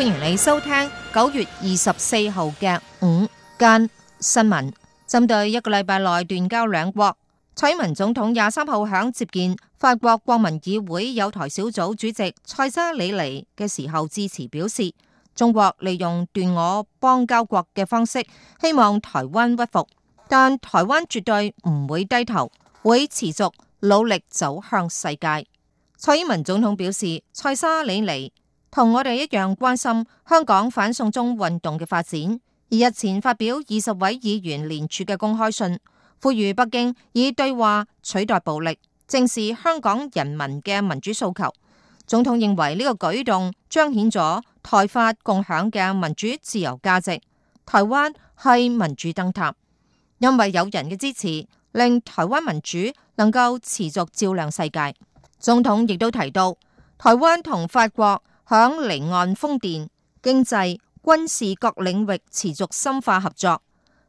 歡迎你收聽九月二十四號嘅午間新聞。針對一個禮拜內斷交兩國，蔡英文總統廿三號響接見法國國民議會有台小組主席塞沙里尼嘅時候致辭，表示中國利用斷我邦交國嘅方式，希望台灣屈服，但台灣絕對唔會低頭，會持續努力走向世界。蔡英文總統表示，塞沙里尼。同我哋一樣關心香港反送中運動嘅發展，而日前發表二十位議員聯署嘅公開信，呼籲北京以對話取代暴力，正視香港人民嘅民主訴求。總統認為呢個舉動彰顯咗台法共享嘅民主自由價值。台灣係民主燈塔，因為有人嘅支持，令台灣民主能夠持續照亮世界。總統亦都提到台灣同法國。響離岸風電、經濟、軍事各領域持續深化合作。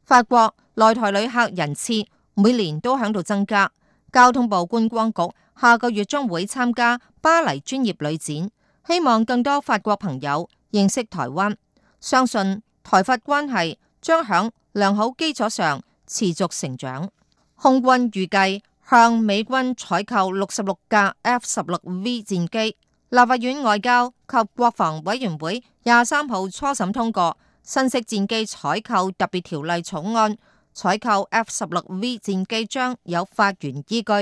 法國內台旅客人次每年都響度增加。交通部觀光局下個月將會參加巴黎專業旅展，希望更多法國朋友認識台灣。相信台法關係將響良好基礎上持續成長。空軍預計向美軍採購六十六架 F 十六 V 戰機。立法院外交及國防委員會廿三號初審通過新式戰機採購特別條例草案，採購 F 十六 V 戰機將有法源依據，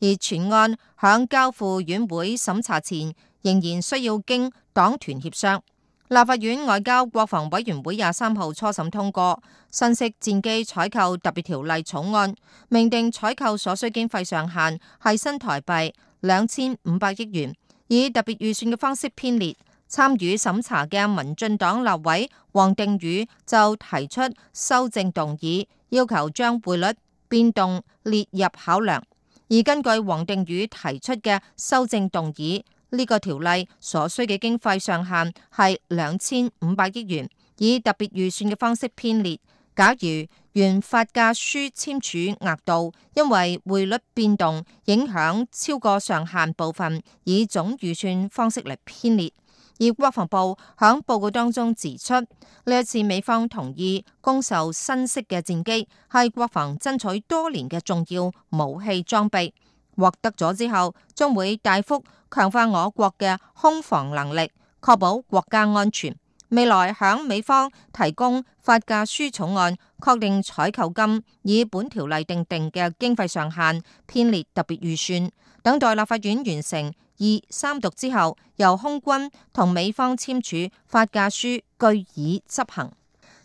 而全案響交付院會審查前仍然需要經黨團協商。立法院外交國防委員會廿三號初審通過新式戰機採購特別條例草案，明定採購所需經費上限係新台幣兩千五百億元。以特別預算嘅方式編列，參與審查嘅民進黨立委王定宇就提出修正動議，要求將匯率變動列入考量。而根據王定宇提出嘅修正動議，呢個條例所需嘅經費上限係兩千五百億元，以特別預算嘅方式編列。假如原發價書簽署額度因為匯率變動影響超過上限部分，以總預算方式嚟編列。而國防部響報告當中指出，呢一次美方同意供售新式嘅戰機，係國防爭取多年嘅重要武器裝備。獲得咗之後，將會大幅強化我國嘅空防能力，確保國家安全。未來響美方提供發價書草案，確定採購金以本條例訂定嘅經費上限編列特別預算，等待立法院完成二三讀之後，由空軍同美方簽署發價書，據以執行。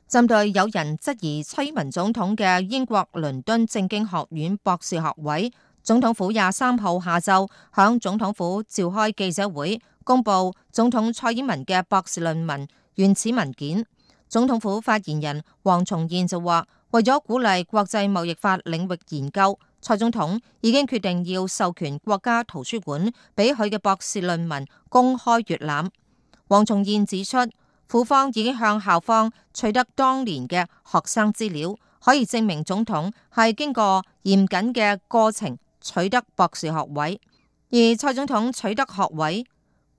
針對有人質疑蔡英文總統嘅英國倫敦政經學院博士學位，總統府廿三號下晝響總統府召開記者會，公布總統蔡英文嘅博士論文。原始文件。總統府發言人黃崇燕就話，為咗鼓勵國際貿易法領域研究，蔡總統已經決定要授權國家圖書館俾佢嘅博士論文公開閱覽。黃崇燕指出，府方已經向校方取得當年嘅學生資料，可以證明總統係經過嚴謹嘅過程取得博士學位。而蔡總統取得學位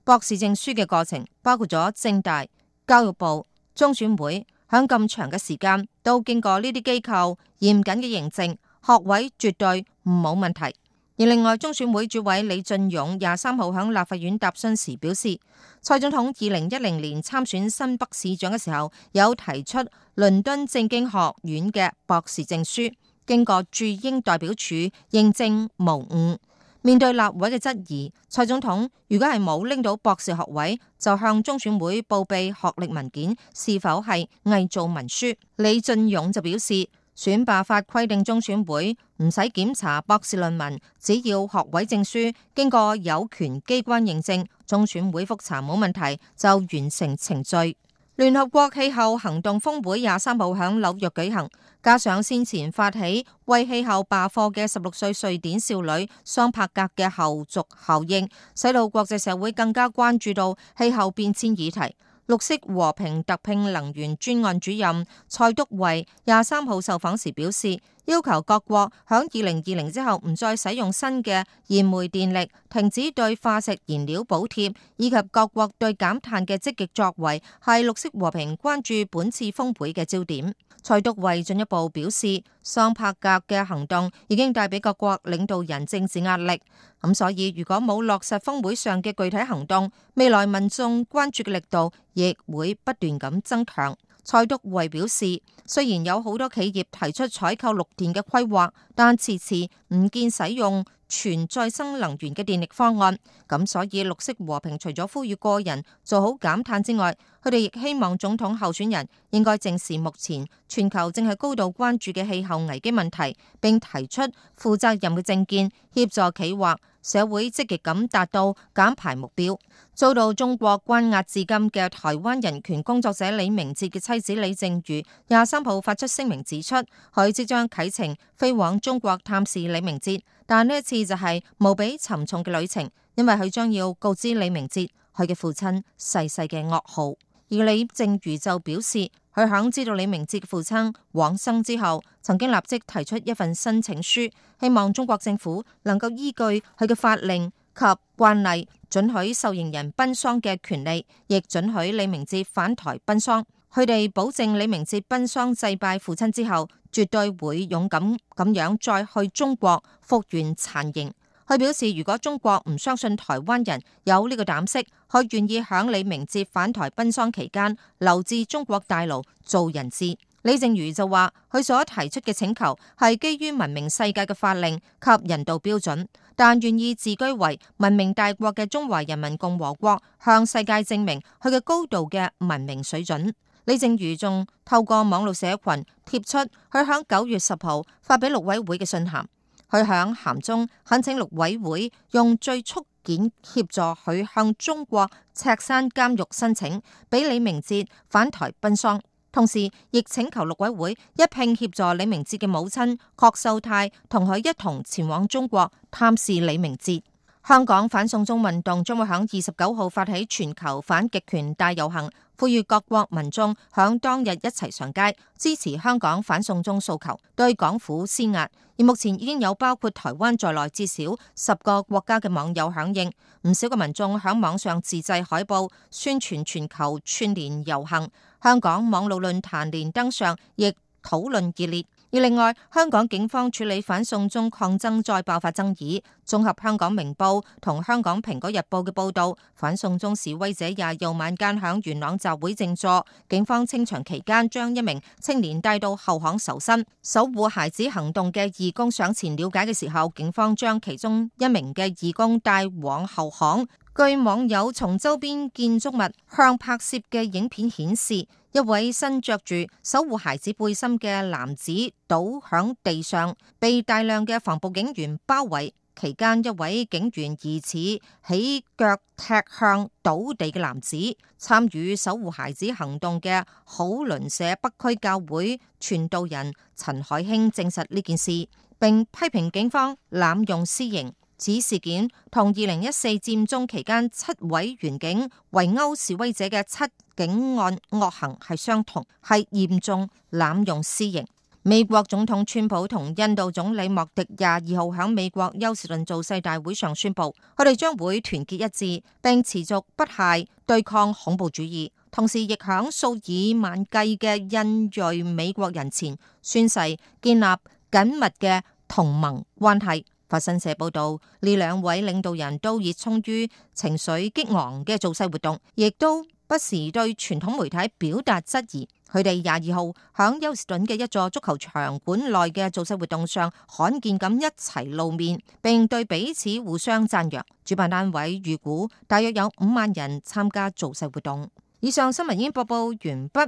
博士證書嘅過程，包括咗政大。教育部、中選會喺咁長嘅時間都經過呢啲機構嚴謹嘅認證，學位絕對冇問題。而另外，中選會主委李進勇廿三號喺立法院答詢時表示，蔡總統二零一零年參選新北市長嘅時候有提出倫敦政經學院嘅博士證書，經過駐英代表處認證無誤。面對立委嘅質疑，蔡總統如果係冇拎到博士學位，就向中選會報備學歷文件是否係偽造文書。李進勇就表示，選罷法規定中選會唔使檢查博士論文，只要學位證書經過有權機關認證，中選會複查冇問題就完成程序。聯合國氣候行動峰會廿三號響紐約舉行，加上先前發起為氣候罷課嘅十六歲瑞典少女桑帕格嘅後續效應，使到國際社會更加關注到氣候變遷議題。綠色和平特聘能源專案主任蔡篤慧廿三號受訪時表示。要求各國響二零二零之後唔再使用新嘅燃煤電力，停止對化石燃料補貼，以及各國對減碳嘅積極作為，係綠色和平關注本次峰會嘅焦點。蔡篤慰進一步表示，桑帕格嘅行動已經帶俾各國領導人政治壓力，咁所以如果冇落實峰會上嘅具體行動，未來民眾關注嘅力度亦會不斷咁增強。蔡卓慧表示，雖然有好多企業提出採購綠電嘅規劃，但次次唔見使用全再生能源嘅電力方案。咁所以，綠色和平除咗呼籲個人做好減碳之外，佢哋亦希望總統候選人應該正視目前全球正係高度關注嘅氣候危機問題，並提出負責任嘅政見，協助企劃。社會積極咁達到減排目標。遭到中國關押至今嘅台灣人權工作者李明哲嘅妻子李淨瑜廿三號發出聲明指出，佢即將啟程飛往中國探視李明哲，但呢一次就係無比沉重嘅旅程，因為佢將要告知李明哲佢嘅父親逝世嘅噩耗。而李淨瑜就表示。佢響知道李明哲嘅父親往生之後，曾經立即提出一份申請書，希望中國政府能夠依據佢嘅法令及慣例，准許受刑人奔喪嘅權利，亦准許李明哲返台奔喪。佢哋保證李明哲奔喪祭拜父親之後，絕對會勇敢咁樣再去中國復原殘刑。佢表示，如果中國唔相信台灣人有呢個膽識。佢願意響李明哲返台奔喪期間留置中國大陸做人質。李淨瑜就話：佢所提出嘅請求係基於文明世界嘅法令及人道標準，但願意自居為文明大國嘅中華人民共和國，向世界證明佢嘅高度嘅文明水準。李淨瑜仲透過網絡社群貼出佢響九月十號發俾陸委會嘅信函，佢響函中懇請陸委會用最速。件協助佢向中國赤山監獄申請，俾李明哲返台奔喪，同時亦請求陸委會一併協助李明哲嘅母親郭秀泰同佢一同前往中國探視李明哲。香港反送中運動將會喺二十九號發起全球反極權大遊行。呼籲各國民眾響當日一齊上街支持香港反送中訴求，對港府施壓。而目前已經有包括台灣在內至少十個國家嘅網友響應，唔少嘅民眾響網上自製海報宣傳全球串聯遊行。香港網路論壇連登上亦討論熱烈。而另外，香港警方處理反送中抗爭再爆發爭議。綜合香港明報同香港蘋果日報嘅報道，反送中示威者廿二號晚間響元朗集會靜坐，警方清場期間將一名青年帶到後巷搜身。守護孩子行動嘅義工上前了解嘅時候，警方將其中一名嘅義工帶往後巷。據網友從周邊建築物向拍攝嘅影片顯示，一位身着住守護孩子背心嘅男子倒響地上，被大量嘅防暴警員包圍。期間，一位警員疑似起腳踢向倒地嘅男子。參與守護孩子行動嘅好鄰舍北區教會傳道人陳海興證實呢件事，並批評警方濫用私刑。此事件同二零一四佔中期間七位員警圍毆示威者嘅七警案惡行係相同，係嚴重濫用私刑。美國總統川普同印度總理莫迪廿二號喺美國休士頓造勢大會上宣布，佢哋將會團結一致，並持續不懈對抗恐怖主義，同時亦響數以萬計嘅印裔美國人前宣誓建立緊密嘅同盟關係。法新社報道，呢兩位領導人都熱衷於情緒激昂嘅造勢活動，亦都不時對傳統媒體表達質疑。佢哋廿二號喺休斯頓嘅一座足球場館內嘅造勢活動上，罕見咁一齊露面，並對彼此互相讚揚。主辦單位預估大約有五萬人參加造勢活動。以上新聞已經播報完畢。